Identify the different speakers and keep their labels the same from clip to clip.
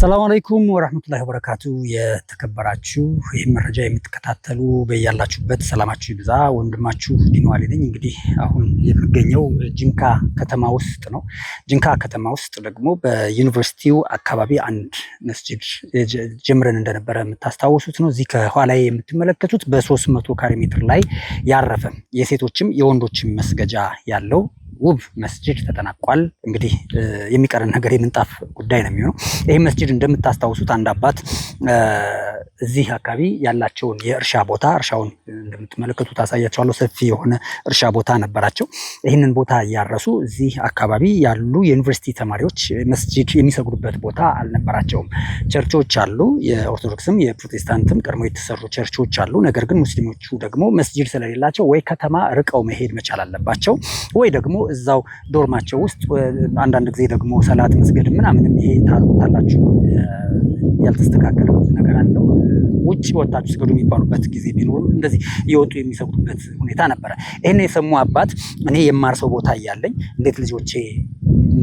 Speaker 1: አሰላሙ አለይኩም ወራህመቱላሂ ወበረካቱ። የተከበራችሁ ይህ መረጃ የምትከታተሉ በያላችሁበት ሰላማችሁ ይብዛ። ወንድማችሁ ዲን ነኝ። እንግዲህ አሁን የሚገኘው ጅንካ ከተማ ውስጥ ነው። ጅንካ ከተማ ውስጥ ደግሞ በዩኒቨርሲቲው አካባቢ አንድ መስጅድ ጀምረን እንደነበረ የምታስታውሱት ነው። እዚህ ከኋላ የምትመለከቱት በሶስት መቶ ካሬ ሜትር ላይ ያረፈ የሴቶችም የወንዶችም መስገጃ ያለው ውብ መስጅድ ተጠናቋል። እንግዲህ የሚቀረን ነገር የምንጣፍ ጉዳይ ነው የሚሆነው። ይህ መስጅድ እንደምታስታውሱት አንድ አባት እዚህ አካባቢ ያላቸውን የእርሻ ቦታ እርሻውን እንደምትመለከቱ ታሳያቸዋለሁ። ሰፊ የሆነ እርሻ ቦታ ነበራቸው። ይህንን ቦታ እያረሱ እዚህ አካባቢ ያሉ የዩኒቨርሲቲ ተማሪዎች መስጅድ የሚሰግዱበት ቦታ አልነበራቸውም። ቸርቾች አሉ፣ የኦርቶዶክስም የፕሮቴስታንትም ቀድሞ የተሰሩ ቸርቾች አሉ። ነገር ግን ሙስሊሞቹ ደግሞ መስጅድ ስለሌላቸው ወይ ከተማ ርቀው መሄድ መቻል አለባቸው ወይ ደግሞ እዛው ዶርማቸው ውስጥ አንዳንድ ጊዜ ደግሞ ሰላት መስገድ ምናምንም ይሄ ታላችሁ ያልተስተካከለ ነገር አለው። ውጭ ወጣችሁ ስገዱ የሚባሉበት ጊዜ ቢኖርም እንደዚህ እየወጡ የሚሰግዱበት ሁኔታ ነበረ። ይህን የሰሙ አባት እኔ የማርሰው ቦታ እያለኝ እንዴት ልጆቼ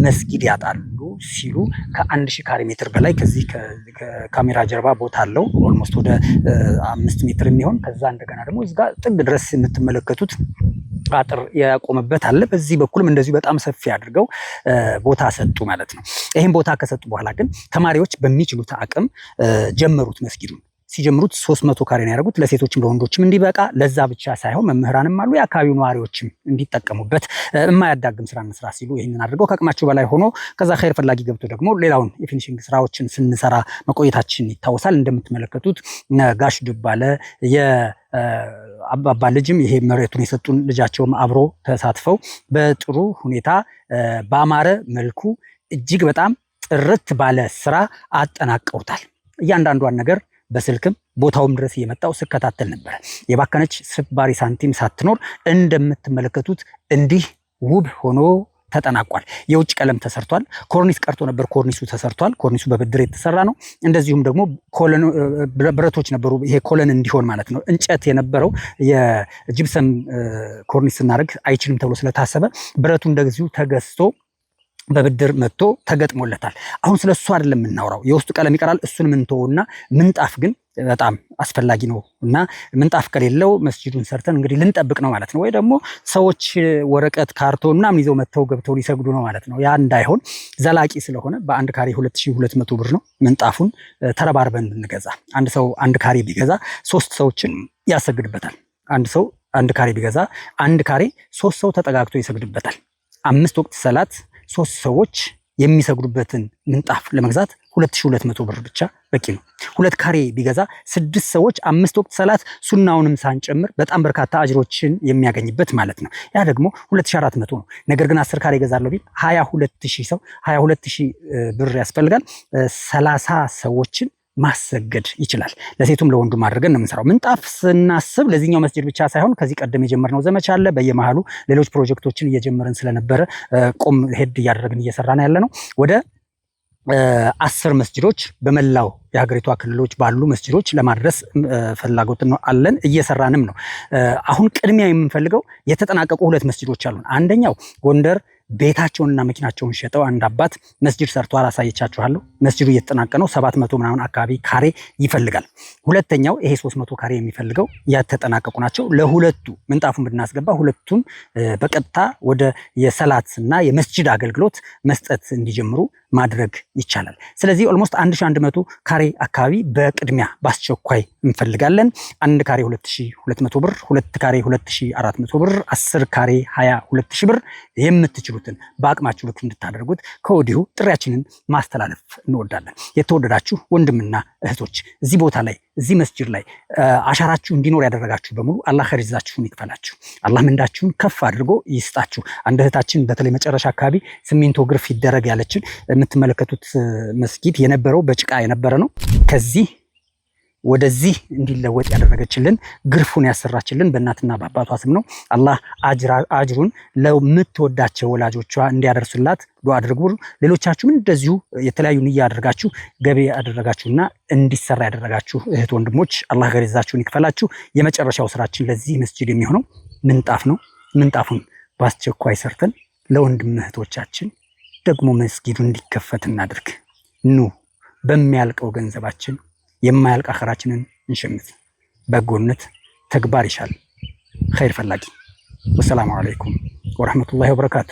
Speaker 1: መስጊድ ያጣሉ ሲሉ ከአንድ ሺህ ካሬ ሜትር በላይ ከዚህ ከካሜራ ጀርባ ቦታ አለው። ኦልሞስት ወደ አምስት ሜትር የሚሆን ከዛ እንደገና ደግሞ እዚጋ ጥግ ድረስ የምትመለከቱት አጥር ያቆመበት አለ። በዚህ በኩልም እንደዚሁ በጣም ሰፊ አድርገው ቦታ ሰጡ ማለት ነው። ይህም ቦታ ከሰጡ በኋላ ግን ተማሪዎች በሚችሉት አቅም ጀመሩት መስጊዱን። ሲጀምሩት ሶስት መቶ ካሬ ነው ያደረጉት ለሴቶችም ለወንዶችም እንዲበቃ። ለዛ ብቻ ሳይሆን መምህራንም አሉ የአካባቢው ነዋሪዎችም እንዲጠቀሙበት የማያዳግም ስራ እንስራ ሲሉ ይህንን አድርገው ከአቅማቸው በላይ ሆኖ ከዛ ኸይር ፈላጊ ገብቶ ደግሞ ሌላውን የፊኒሽንግ ስራዎችን ስንሰራ መቆየታችን ይታወሳል። እንደምትመለከቱት ጋሽ ዱባለ አባባ ልጅም ይሄ መሬቱን የሰጡን ልጃቸውም አብሮ ተሳትፈው በጥሩ ሁኔታ በአማረ መልኩ እጅግ በጣም ጥርት ባለ ስራ አጠናቀውታል። እያንዳንዷን ነገር በስልክም ቦታውም ድረስ እየመጣው ስከታተል ነበረ። የባከነች ስባሪ ሳንቲም ሳትኖር እንደምትመለከቱት እንዲህ ውብ ሆኖ ተጠናቋል። የውጭ ቀለም ተሰርቷል። ኮርኒስ ቀርቶ ነበር፣ ኮርኒሱ ተሰርቷል። ኮርኒሱ በብድር የተሰራ ነው። እንደዚሁም ደግሞ ብረቶች ነበሩ። ይሄ ኮለን እንዲሆን ማለት ነው። እንጨት የነበረው የጅብሰም ኮርኒስ ስናደርግ አይችልም ተብሎ ስለታሰበ ብረቱ እንደዚሁ ተገዝቶ በብድር መጥቶ ተገጥሞለታል። አሁን ስለ እሱ አይደለም የምናውራው፣ የውስጡ ቀለም ይቀራል። እሱን ምንተውና ምንጣፍ ግን በጣም አስፈላጊ ነው እና ምንጣፍ ከሌለው መስጂዱን ሰርተን እንግዲህ ልንጠብቅ ነው ማለት ነው። ወይ ደግሞ ሰዎች ወረቀት፣ ካርቶን ምናምን ይዘው መጥተው ገብተው ሊሰግዱ ነው ማለት ነው። ያ እንዳይሆን ዘላቂ ስለሆነ በአንድ ካሬ 2200 ብር ነው ምንጣፉን ተረባርበን ብንገዛ፣ አንድ ሰው አንድ ካሬ ቢገዛ ሶስት ሰዎችን ያሰግድበታል። አንድ ሰው አንድ ካሬ ቢገዛ አንድ ካሬ ሶስት ሰው ተጠጋግቶ ይሰግድበታል። አምስት ወቅት ሰላት ሶስት ሰዎች የሚሰግዱበትን ምንጣፍ ለመግዛት 2200 ብር ብቻ በቂ ነው። ሁለት ካሬ ቢገዛ ስድስት ሰዎች አምስት ወቅት ሰላት ሱናውንም ሳንጨምር በጣም በርካታ አጅሮችን የሚያገኝበት ማለት ነው። ያ ደግሞ 2400 ነው። ነገር ግን አስር ካሬ ይገዛለሁ ቢል 22000 ሰው 22000 ብር ያስፈልጋል። 30 ሰዎችን ማሰገድ ይችላል። ለሴቱም ለወንዱም አድርገን ነው የምንሰራው። ምንጣፍ ስናስብ ለዚህኛው መስጅድ ብቻ ሳይሆን ከዚህ ቀደም የጀመርነው ዘመቻ አለ። በየመሃሉ ሌሎች ፕሮጀክቶችን እየጀመርን ስለነበረ ቁም ሄድ እያደረግን እየሰራን ያለ ነው ወደ አስር መስጅዶች በመላው የሀገሪቷ ክልሎች ባሉ መስጅዶች ለማድረስ ፍላጎት አለን፣ እየሰራንም ነው። አሁን ቅድሚያ የምንፈልገው የተጠናቀቁ ሁለት መስጅዶች አሉን። አንደኛው ጎንደር ቤታቸውንና መኪናቸውን ሸጠው አንድ አባት መስጅድ ሰርቶ አላሳየቻችኋለሁ። መስጅዱ እየተጠናቀ ነው። ሰባት መቶ ምናምን አካባቢ ካሬ ይፈልጋል። ሁለተኛው ይሄ ሶስት መቶ ካሬ የሚፈልገው ያተጠናቀቁ ናቸው። ለሁለቱ ምንጣፉን ብናስገባ ሁለቱም በቀጥታ ወደ የሰላት እና የመስጅድ አገልግሎት መስጠት እንዲጀምሩ ማድረግ ይቻላል። ስለዚህ ኦልሞስት 1100 ካሬ አካባቢ በቅድሚያ በአስቸኳይ እንፈልጋለን። አንድ ካሬ 2200 ብር፣ ሁለት ካሬ 2400 ብር፣ 10 ካሬ 22000 ብር የምትችሉ የምትችሉትን በአቅማችሁ ልክ እንድታደርጉት ከወዲሁ ጥሪያችንን ማስተላለፍ እንወዳለን። የተወደዳችሁ ወንድምና እህቶች እዚህ ቦታ ላይ እዚህ መስጅድ ላይ አሻራችሁ እንዲኖር ያደረጋችሁ በሙሉ አላህ ከሪዛችሁን ይክፈላችሁ። አላህ ምንዳችሁን ከፍ አድርጎ ይስጣችሁ። አንድ እህታችን በተለይ መጨረሻ አካባቢ ሲሚንቶ ግርፍ ይደረግ ያለችን የምትመለከቱት መስጊድ የነበረው በጭቃ የነበረ ነው። ከዚህ ወደዚህ እንዲለወጥ ያደረገችልን ግርፉን ያሰራችልን በእናትና በአባቷ ስም ነው። አላህ አጅሩን ለምትወዳቸው ወላጆቿ እንዲያደርሱላት አድርጉ። ሌሎቻችሁም እንደዚሁ የተለያዩ ንያ ያደርጋችሁ ገቢ ያደረጋችሁና እንዲሰራ ያደረጋችሁ እህት ወንድሞች አላህ ገሬዛችሁን ይክፈላችሁ። የመጨረሻው ስራችን ለዚህ መስጅድ የሚሆነው ምንጣፍ ነው። ምንጣፉን በአስቸኳይ ሰርተን ለወንድም እህቶቻችን ደግሞ መስጊዱ እንዲከፈት እናድርግ። ኑ በሚያልቀው ገንዘባችን የማያልቅ አኸራችንን እንሸምት። በጎነት ተግባር ይሻል። ኸይር ፈላጊ። ወሰላሙ አለይኩም ወረሕመቱላሂ ወበረካቱ።